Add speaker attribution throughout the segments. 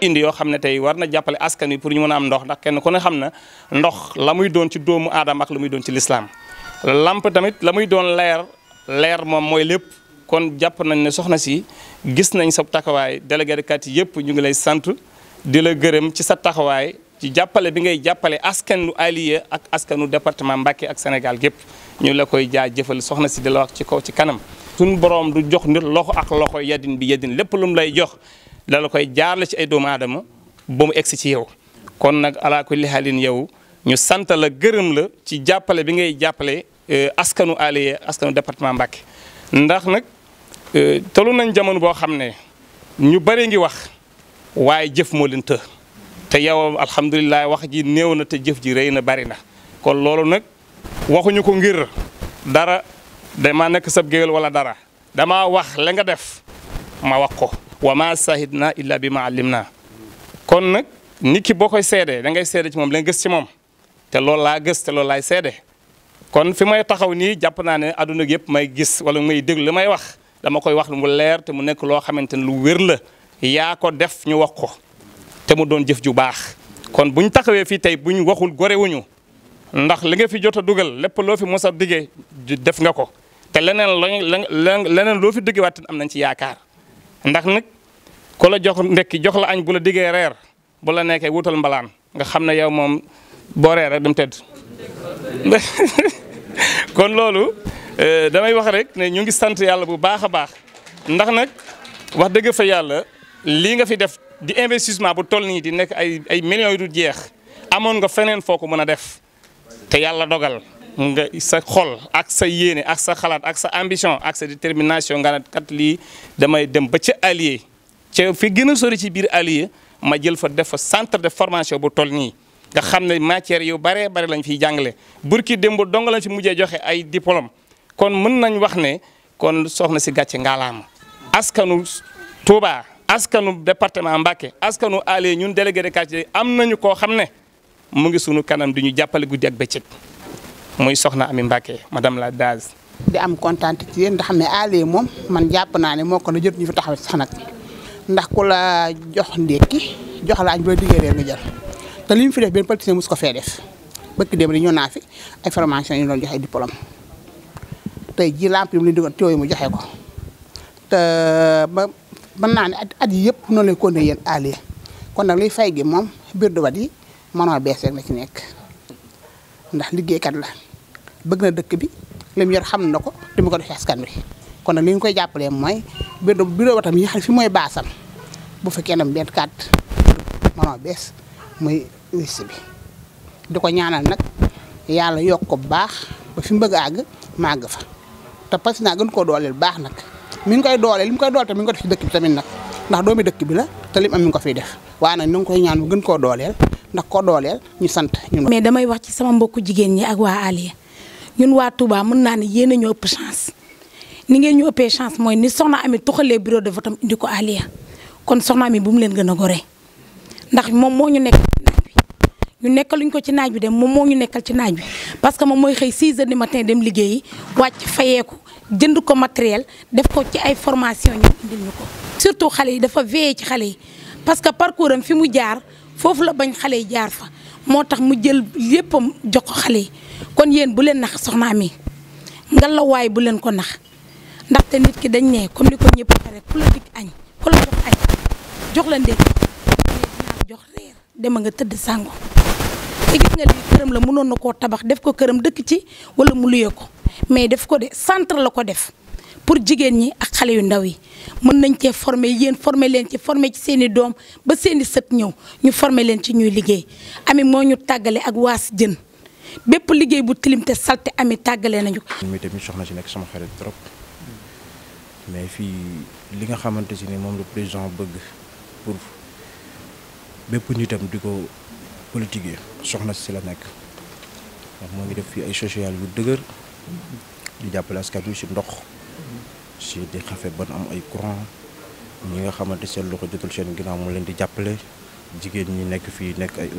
Speaker 1: indi yoo xam ne tey war na jàppale askan wi pour ñu mën a am ndox ndax kenn ku ne xam na ndox la muy doon ci doomu aadama ak la muy doon ci lislaam lamp tamit la muy doon leer leer moom mooy lépp kon jàpp nañ ne soxna si gis nañ sa taxawaay délégué de quartier yëpp ñu ngi lay sant di la gërëm ci sa taxawaay ci jàppale bi ngay jàppale askanu Alieu ak askanu département Mbacké ak Sénégal gépp ñu la koy jëfal soxna si di la wax ci kaw ci kanam. suñu borom du jox loxo ak loxo yadin bi yadin lépp lu lay jox. dala koy jaarale ci ay doomu aadama ba mu egsi ci yow kon nag alaa kulli haalin yow ñu sant la gërëm la ci jàppale bi ngay jàppale euh, askanu Aliya askanu département Mbacké ndax nag euh, tollu nañ jamono boo xam ne ñu bëri ngi wax waaye jëf moo leen të te yow alhamdulilah wax ji néew na te jëf ji rey na bari na kon loolu nag waxuñu ko ngir dara dama nekk sab géwél wala dara dama wax la nga def ma wax ko wa ma sahidna illa bi ma allimna kon nag nit ki boo koy seede da ngay seede ci moom la nga gës ci moom te loolu laa gës te loolu laay seede kon fi may taxaw nii jàpp naa ne adduna gi yëpp may gis wala may déglu li may wax dama koy wax lu mu leer te mu nekk loo xamante ne lu wér la yaa ko def ñu wax ko te mu doon jëf ju baax kon buñ taxawee fii tey buñ waxul gore wu gorewuñu ndax li nga fi jot a dugal lépp loo fi mos a diggee def nga ko te leneen la leneen loo fi diggewaat am nañ ci yaakaar ndax nag ku la jox ndekki jox la añ bu la diggee reer bu la nekkee wutal mbalaan nga xam ne yow moom boo reeree dam tëdd kon loolu euh, damay wax rek ne ñu ngi sant yàlla bu baax a baax ndax nag wax dëgg fa yàlla lii nga fi def di investissement bu toll nii di nekk ay ay millions yu du jeex amoon nga feneen foo ko mën a def te yàlla dogal. nga sa xol ak sa yéene ak sa xalaat ak sa ambition ak sa détermination nga ne kat lii damay dem ba ca allié ca fi gën a sori ci biir allié ma jël fa def fa centre de formation bu toll nii nga xam ne matière yu baree bare lañ fiy jàngale burki démb dong lañ fi mujjee joxe ay diplôme kon mën nañ wax ne kon soxna si gàcce ngaalaama askanu Touba askanu département Mbacké askanu allié ñun délégué de quartier am nañu koo xam ne mu ngi sunu kanam di ñu jàppale guddi ak bëccëg mooy soxna Ami Mbacke madame la Daz.
Speaker 2: di am kontaan ci yéen ndax ne aale moom man jàpp naa ne moo ko na jot ñu fi taxaw sax nag ndax ku la jox ndékki jox la añ boo diggee reer nga te li mu fi def benn politicien mus ko fee def bëkk dem di ñëw naa fi ay yi ñu doon joxe ay jii lamp yi mu leen di mu joxe ko te ba mën naa ne at yi yëpp noonu lay continuer yéen aale kon nag liy fay gi moom biir dubat yi mënoo bees rek ci nekk ndax liggéeykat la. bëgg na dëkk bi li mu yor xam na ko te mu ko def askan wi kon nag li ñu koy jàppalee mooy bureau bureau tam yi xam fi mooy baasam bu fekkee ne benn carte maman bees muy bi di ko ñaanal nag yàlla yokk ko bu baax ba fi mu bëgg àgg màgg fa te naa gën koo dooleel baax nag mi koy dooleel li mu koy dooleel tamit mi ngi ko dëkk tamit nag ndax doomi dëkk bi la te lim am mi ngi ko fi def waaye nag ñu ngi koy ñaan mu gën koo dooleel ndax koo dooleel ñu
Speaker 3: sant ñun. mais damay wax ci sama mbokku jigéen ñi ak waa Aliya. ñun waa Touba mën naa ne yéen a ñu ëpp chance ni ngeen ñu ëppee chance mooy ni soxna Ami toxalee bureau de vote am indi ko Aliya kon soxna Ami bu mu leen gën a goree ndax moom moo ñu nekk ci naaj bi ñu nekkaluñ ko ci naaj bi dem moom moo ñu nekkal ci naaj bi parce que moom mooy xëy 6 heures du matin dem liggéeyi wàcc fayeeku jënd ko matériel def ko ci ay formation ñu indil ñu ko. surtout xale yi dafa veillé ci xale yi parce que parcours am fi mu jaar foofu la bañ xale yi jaar fa. moo tax mu jël yéppam jox ko xale yi kon yéen bu leen nax soxna Ami ngallaawaay bu leen ko nax ndaxte nit ki dañ ne kon li ko ñëpp waxee rek ku la dikk añ ku la jox añ jox la ndékki jox dema nga tëdd sàngo te gis nga lii këram la mënoon na koo tabax def ko këram dëkk ci wala mu luyee ko mais def ko de centre la ko def. pour jigéen ñi ak xale yu ndaw yi mën nañ cee former yéen former leen ci former ci seen doom ba seeni i sët ñëw ñu former leen ci ñuy liggéey ami moo ñu tàggale ak waas jën bépp liggéey bu tilim te salte ami tàggale nañu
Speaker 4: ko. mi tamit soxna si nekk sama xarit trop mais fii li nga xamante si ni moom la président bëgg pour bépp nitam di ko politiquer soxna si la nekk ndax moo ngi def fii ay social yu dëgër di jàppale askan wi si ndox. si di xafe ban am ay courant ñi nga xamante seen loxo jotul seen ginaaw mu leen di jàppale jigéen ñi nekk fii nekk ay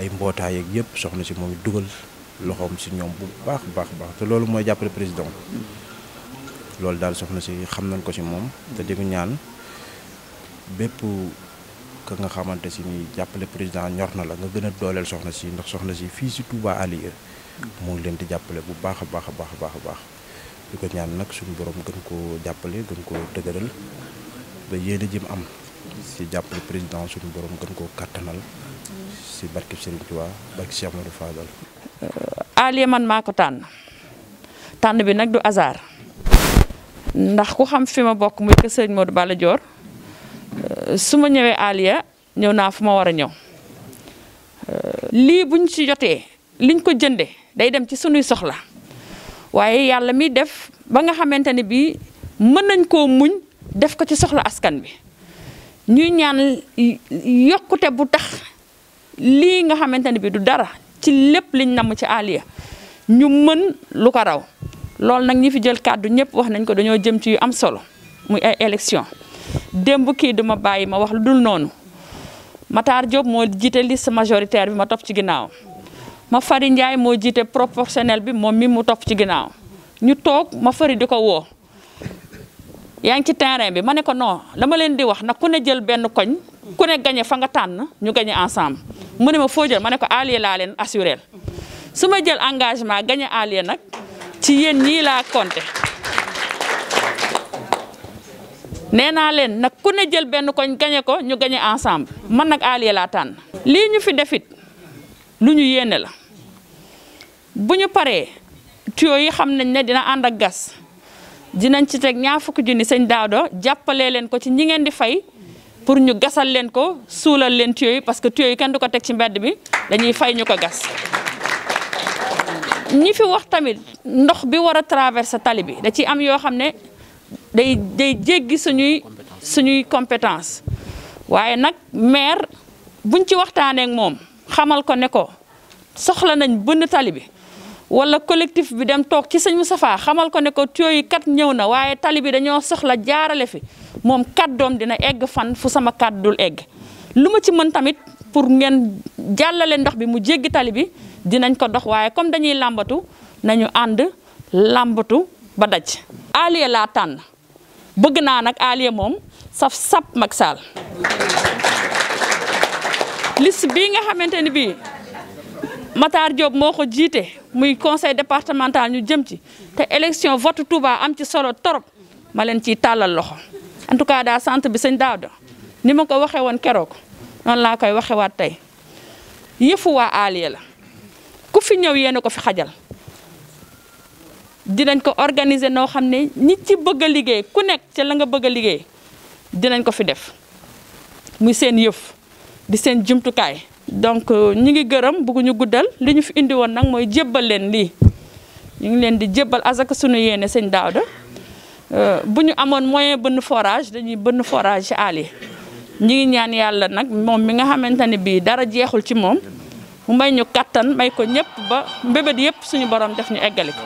Speaker 4: ay mbootaay ak yëpp soxna si moom dugal loxoom si ñoom bu baax baax baax te loolu mooy jàppale président loolu daal soxna si xam nañ ko si moom te di ñaan bépp ka nga xamante si ni jàppale président ñor na la nga gën a dooleel soxna si ndax soxna si fii si Touba Alieu mu ngi leen di jàppale bu baax a baax a baax a baax di ko ñaan suñu borom gën koo jàppale gën koo dëgëral ba yéene jëm am si jàppale président suñu borom gën koo kàttanal si barki Serigne Touba barki Cheikh Amadou Fadal.
Speaker 5: Euh, man maa ko tànn tànn bi nag du hasard ndax ku xam fi ma bokk muy que Serigne Modou Balla euh, su ma ñëwee Alié ñëw naa fu ma war a ñëw euh, lii buñ ci jotee liñ ko jënde day dem ci suñuy soxla. waaye yàlla mi def ba nga xamante ne bii mën nañ koo muñ def ko ci soxla askan bi ñuy ñaan yokkute bu tax lii nga xamante ne bii du dara ci lépp liñ namm ci Alya ñu mën lu ko raw loolu nag ñi fi jël kàddu ñëpp wax nañ ko dañoo jëm ci yu am solo muy ay élection démb kii duma bàyyi ma wax lu dul noonu Matar Diop moo jiite liste majoritaire bi ma topp ci ginnaawam ma fari Ndiaye moo jiite proportionnel bi moom mi mu topp ci ginnaaw ñu toog ma fari di ko woo yaa ngi ci terrain bi ma ne ko non dama leen di wax nag ku ne jël benn koñ ku ne gañe fa nga tànn ñu gañe ensemble mu ne ma foo jël ma ne ko allié laa leen assuré su ma jël engagement gañe allié nag ci yéen ñii laa compté nee naa leen nag ku ne jël benn koñ gañe ko ñu gañe ensemble man nag allié laa tànn lii ñu fi defit lu ñu yéene la bu ñu paree tuyaux yi xam nañ ne dina ànd ak gas dinañ ci teg ñaar fukki junni sëñ Daado jàppale leen ko ci ñi ngeen di fay pour ñu gasal leen ko suulal leen tuyaux yi parce que tuyaux yi kenn di ko teg ci mbedd mi dañuy fay ñu ko gas ñi fi wax tamit ndox bi war a traverser tali bi da ci am yoo xam ne day day jéggi suñuy suñuy compétence waaye nag maire buñ ci waxtaanee ak moom xamal ko ne ko soxla nañ bënn tali bi walla collectif bi dem toog ci sëñ safaa xamal ko ne ko tuyau kat ñëw na waaye tali bi dañoo soxla jaarale fi moom kàddoom dina egg fan fu sama kàddul egg lu ma ci mën tamit pour ngeen jàllale ndox bi mu jéggi tali bi dinañ ko dox waaye comme dañuy làmbatu nañu ànd làmbatu ba daj Alieu laa tànn bëgg naa nag Alieu moom saf sap mag saal liste bii nga xamante ni bii Matar Diop moo ko jiite muy conseil départemental ñu jëm ci te élection vote Touba am ci solo torop ma leen ciy tàllal loxo en tout cas daa sant bi sëñ Daouda ni ma ko waxee woon keroog noonu laa koy waxewaat tey yëfu waa Alieu la ku fi ñëw yéen a ko fi xajal dinañ ko organiser noo xam ne ñi ci bëgg a liggéey ku nekk ci la nga bëgg a liggéey dinañ ko fi def muy seen yëf. di seen jumtukaay donc euh, ñu ngi gërëm bëgguñu guddal li ñu fi indiwoon nag mooy jébbal leen lii ñu ngi leen di jébbal asaka sunu yéene sëñ Daouda euh, bu ñu amoon moyen bënn forage dañuy bënn forage ci àll ñu ngi ñaan yàlla nag moom mi nga xamante ne bii dara jeexul ci moom mu may ñu kattan may ko ñëpp ba mbébét yëpp suñu borom def ñu eggali ko.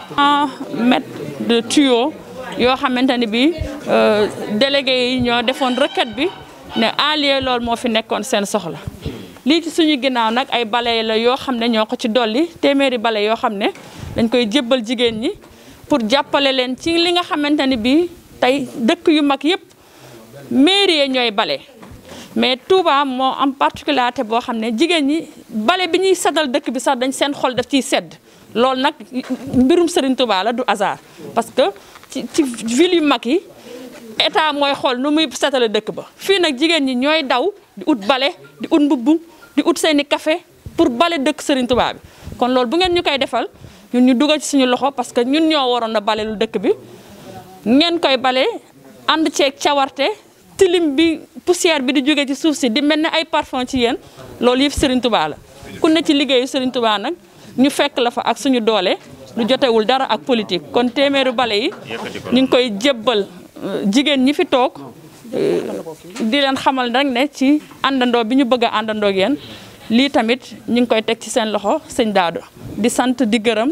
Speaker 5: mètre de yoo xamante ne bii euh, délégué yi ñoo defoon requête bi. ne alie loolu moo fi nekkoon seen soxla lii ci suñu ginnaaw nag ay bale la yoo xam ne ñoo ko ci dolli téeméeri bale yoo xam ne dañ koy jébbal jigéen ñi pour jàppale leen ci li nga xamante ni bii tey dëkk yu mag yëpp mairie yi ñooy bale mais Touba moo am particularité boo xam ne jigéen ñi bale bi ñuy seddal dëkk bi sax dañ seen xol daf ciy sedd loolu nag mbirum Serigne Touba la du hasard parce que ci ci ville yu mag yi état mooy xool nu muy setale dëkk ba fii nag jigéen ñi ñooy daw di ut bale di ut mbubb di ut seeni kafe pour bale dëkk Serigne Touba bi kon loolu bu ngeen ñu koy defal ñun ñu dugal ci suñu loxo parce que ñun ñoo waroon a bale lu bi ngeen koy bale ànd ceeg cawarte tilim bi poussière bi di jóge ci suuf si di mel ni ay parfum ci yéen loolu yëpp Serigne Touba la ku ne ci liggéeyu Serigne Touba nag ñu fekk la fa ak suñu doole lu jotewul dara ak politique kon téeméeri bale yi ñu ngi koy jébbal jigéen ñi fi toog di leen xamal rek ne ci àndandoo bi ñu bëgg a àndandoo ak yéen lii tamit ñu ngi koy teg ci seen loxo sëñ Daado di sant di gërëm.